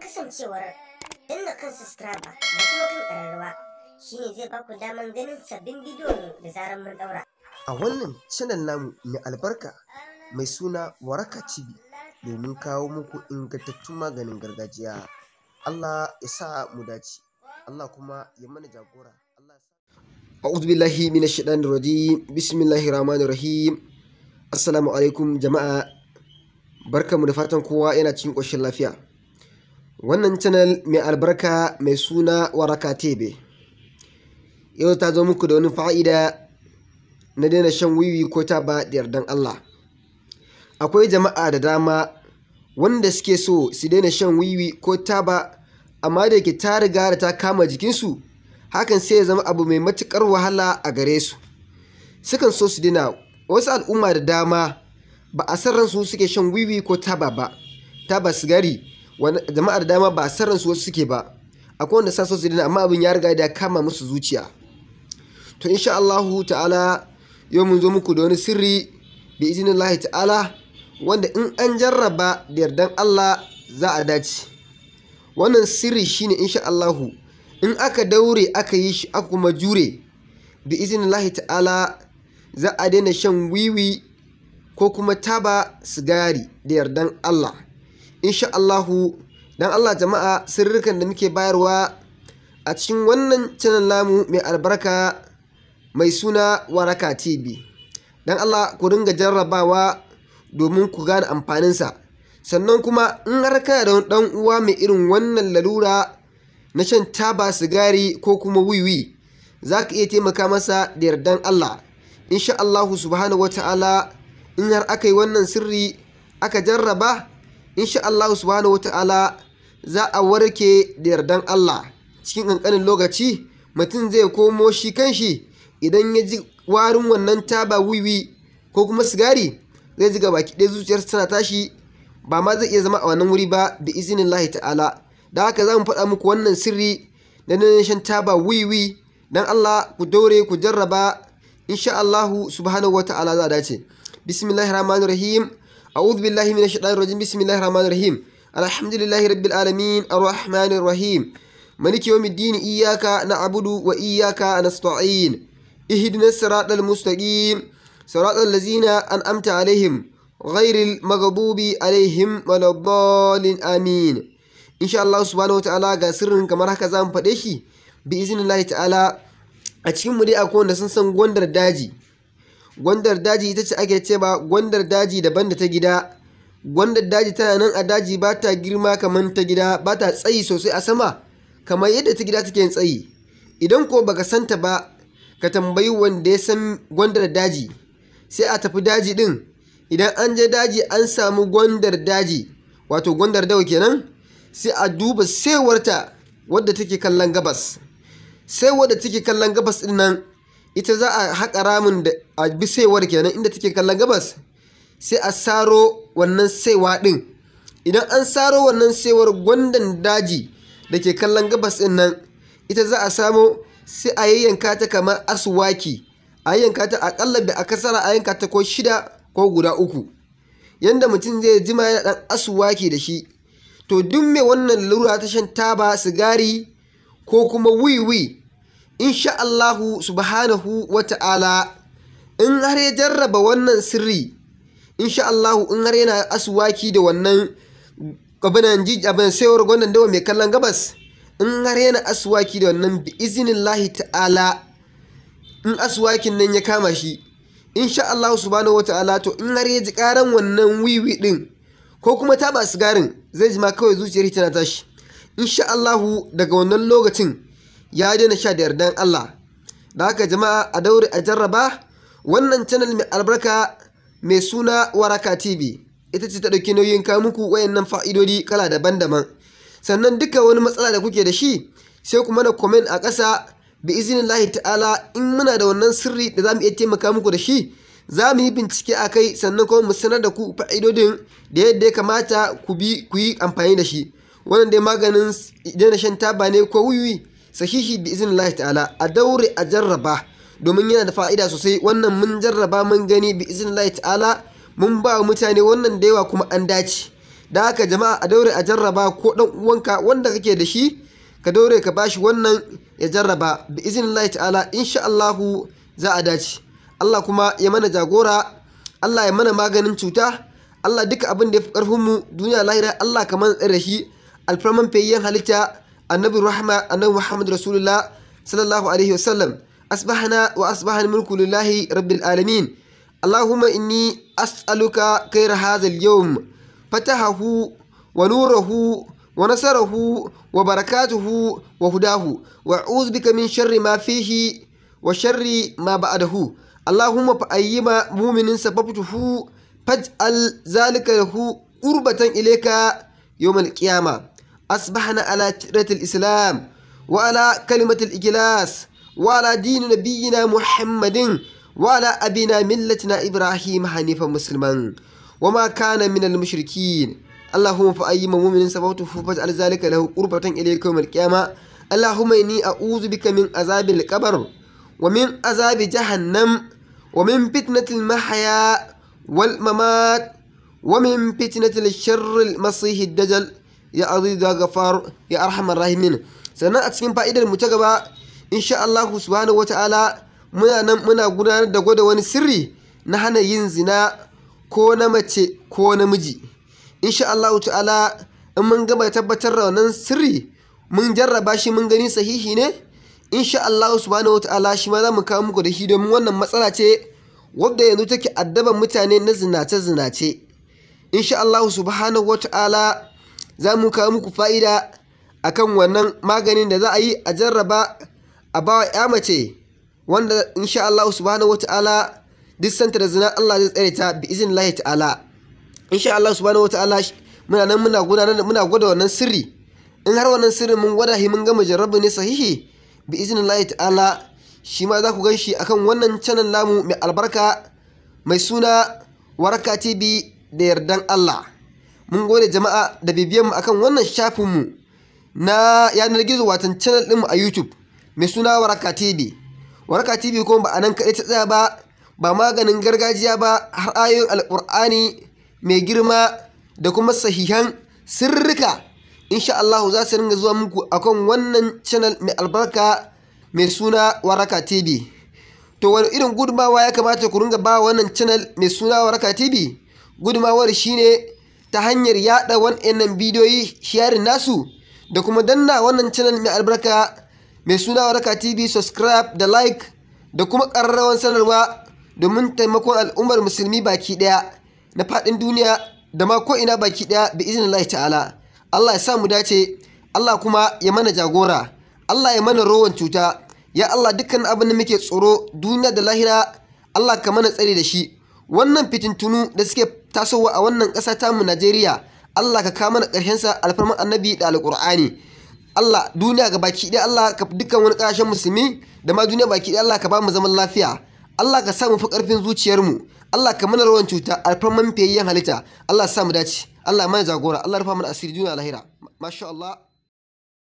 kasancewar inda kan subscriber da kuma kan ƙararrawa shine zai baku damar ganin sabbin bidiyo da zarar mun daura. A wannan channel namu mai albarka mai suna Waraka TV domin kawo muku ingantattun maganin gargajiya. Allah ya sa mu dace. Allah kuma ya mana jagora. Allah A'udhu billahi minash shaitanir rajim. Bismillahir rahmanir rahim. Assalamu alaikum jama'a. Barkamu da fatan kowa yana cikin ƙoshin lafiya. wannan channel mai albarka mai suna waraka tebe yau ta zo muku da wani fa'ida na daina shan wiwi ko taba da yardan Allah akwai jama'a da dama wanda suke so su daina shan wiwi ko taba amma da yake ta riga da ta kama jikinsu hakan sai ya zama abu mai matuƙar wahala a gare su sukan so su daina wasu al'umma da dama ba a san ransu suke shan wiwi ko taba ba taba sigari jama'a da dama ba sarran su wasu suke ba akwai wanda sa so su amma abin ya riga da kama musu zuciya to insha Allahu ta'ala yau mun zo muku da wani sirri bi iznillahi ta'ala wanda in an jarraba da yardan Allah za a dace wannan sirri shine insha Allahu in aka daure aka yi shi aka kuma jure bi iznillahi ta'ala za a daina shan wiwi ko kuma taba sigari da yardan Allah insha Allahu dan Allah jama'a sirrikan da muke bayarwa a cikin wannan channel namu mai albarka mai suna waraka tv dan Allah ku ringa jarrabawa domin ku gane amfanin sa sannan kuma in har da dan uwa mai irin wannan lalura na shan taba sigari ko kuma wiwi za ka iya taimaka masa da yardan Allah insha Allahu subhanahu wataala in har aka yi wannan sirri aka jarraba insha Allah subhanahu ta'ala za a warke da yardan Allah cikin ƙanƙanin lokaci mutum zai komo shi kanshi idan ya ji warin wannan taba wiwi ko kuma sigari zai ji gabaki ɗaya zuciyarsa tana tashi ba ma zai iya zama a wannan wuri ba da izinin lahi ta'ala da haka za mu faɗa muku wannan sirri na nan shan taba wiwi dan Allah ku dore ku jarraba insha Allahu subhanahu wa ta'ala za a dace bismillahir rahmanir rahim أعوذ بالله من الشيطان الرجيم بسم الله الرحمن الرحيم الحمد لله رب العالمين الرحمن الرحيم ملك يوم الدين إياك نعبد وإياك نستعين اهدنا الصراط المستقيم صراط الذين أنعمت عليهم غير المغضوب عليهم ولا الضالين آمين إن شاء الله سبحانه وتعالى غسر كما هكذا فدشي بإذن الله تعالى a cikin mu dai akwai wanda sun san gwandar daji gwandar daji ita ce ake ce ba gwandar daji daban da ta gida gwandar daji tana nan a daji ba ta girma kamar ta gida ba ta tsayi sosai a sama kamar yadda ta gida take tsayi idan ko baka santa ba ka tambayi wanda ya san gwandar daji sai a tafi daji din idan an je daji an samu gwandar daji wato gwandar dawa kenan sai a duba saiwarta wadda take kallon gabas sai wadda take kallon gabas din nan ita za a haƙa ramin da a bi saiwar kenan inda take kallon gabas sai a saro wannan saiwa ɗin idan an saro wannan saiwar gwandan daji da ke kallon gabas ɗin nan ita za a samo sai a yayyanka ta kamar aswaki a yayyanka ta aƙalla da akasara a yanka ta ko shida ko guda uku yanda mutum zai jima yana ɗan aswaki da shi to duk mai wannan lura ta shan taba sigari ko kuma wiwi insha Allahu subhanahu wa ta'ala in har ya jarraba wannan sirri insha Allahu in har yana asuwaki da wannan abinan abin saiwar gwandan dawa mai kallon gabas in har yana asuwaki da wannan bi izinin lahi ta'ala in asuwakin nan ya kama shi insha Allahu subhanahu wa ta'ala to in har ya ji karan wannan wiwi din ko kuma taba sigarin zai ji ma kawai zuciyar tana tashi insha Allahu daga wannan lokacin ya daina sha da yardan Allah da haka jama'a a daure a jarraba wannan channel mai albarka mai suna waraka tv ita ce ta ɗauki nauyin kawo muku wayannan fa'idodi kala daban-daban sannan duka wani matsala da kuke da shi sai kuma da comment a ƙasa bi izinin ta'ala in muna da wannan sirri da za mu iya taimaka muku da shi za mu yi bincike a kai sannan kuma mu sanar da ku fa'idodin da yadda ya kamata ku bi ku yi amfani da shi wannan dai maganin daina shan taba ne ko wiwi sahihi bi izin Allah ta'ala a daure a jarraba domin yana da fa'ida sosai wannan mun jarraba mun gani bi izin Allah ta'ala mun ba wa mutane wannan da yawa kuma an dace da haka jama'a a daure a jarraba ko dan uwanka wanda kake da shi ka daure ka bashi wannan ya jarraba bi izin Allah ta'ala insha Allah za a dace Allah kuma ya mana jagora Allah ya mana maganin cuta Allah duka abin da ya fi mu duniya lahira Allah kamar tsare shi alfarman fayyan halitta annabi rahma annabi muhammad rasulullah sallallahu alaihi wasallam asbahna wa asbaha mulku lillahi rabbil alamin allahumma inni as'aluka kai hadha al-yawm fatahahu wa nurahu wa nasarahu wa barakatuhu wa hudahu wa a'udhu bika min sharri ma fihi wa sharri ma ba'dahu allahumma fa mu'minin sababtuhu faj'al zalika lahu qurbatan ilayka yawm al-qiyamah أصبحنا على شرة الإسلام وعلى كلمة الإجلاس وعلى دين نبينا محمد وعلى أبينا ملتنا إبراهيم حنيفا مسلما وما كان من المشركين اللهم فأي مؤمن سبوته على ذلك له قربة إليك يوم القيامة اللهم إني أعوذ بك من عذاب القبر ومن عذاب جهنم ومن فتنة المحيا والممات ومن فتنة الشر المصيح الدجل ya aziz ya gafar ya arhamar rahimin sannan a cikin fa'idar mu ta gaba insha Allah subhanahu wataala muna nan muna gudanar da gwada wani sirri na hana yin zina ko na mace ko namiji insha Allah ta'ala in mun gama tabbatar da wannan sirri mun jarraba shi mun gani sahihi ne insha Allah subhanahu wataala shi ma za mu kawo muku da shi domin wannan matsala ce wadda yanzu take addaban mutane na zinace zinace insha Allah subhanahu wataala za mu kawo muku fa'ida a kan wannan maganin da za a yi a jarraba a bawa ya mace wanda insha Allah subhanahu wata'ala duk santa da zina Allah zai tsare ta bi izin lahi ta'ala insha Allah subhanahu wata'ala muna nan muna gudanar muna gwada wannan sirri in har wannan sirrin mun gwada shi mun gama jarrabu ne sahihi bi izin lahi ta'ala shi ma za ku gan shi akan wannan canan lamu mai albarka mai suna waraka Tibi da yardan Allah mun gode jama'a da bibiyanmu akan wannan shafinmu na yanar gizo watan channel ɗinmu a youtube mai suna waraka tv waraka tv kuma ba a nan kaɗai ta tsaya ba ba maganin gargajiya ba har ayoyin alƙur'ani mai girma da kuma sahihan sirrika insha Allah za su ringa zuwa muku akan wannan channel mai albarka mai suna waraka tv to wani irin gudumawa ya kamata ku ringa ba wannan channel mai suna waraka tv gudumawar shine ta hanyar yaɗa wa'annan bidiyoyi sharing nasu da kuma danna wannan channel mai albarka mai suna waraka tv subscribe da like da kuma ƙararrawan sanarwa domin taimakon al'ummar musulmi baki ɗaya na faɗin duniya da ma ko ina baki ɗaya bi izinin ta'ala Allah ya sa mu dace Allah kuma ya mana jagora Allah ya mana rowan cuta ya Allah dukkan abin da muke tsoro duniya da lahira Allah ka mana tsare da shi wannan fitintunu da suke tasowa a wannan ƙasa tamu Najeriya Allah ka kawo mana ƙarshen sa alfarman annabi da alƙur'ani Allah duniya ga baki ɗaya Allah ka dukkan wani ƙasashen musulmi da ma duniya baki ɗaya Allah ka ba mu zaman lafiya Allah ka sa mu fi ƙarfin zuciyarmu Allah ka mana rawan cuta alfarman fiyayyen halitta Allah sa mu dace Allah mana jagora Allah rufa mana asiri duniya lahira masha Allah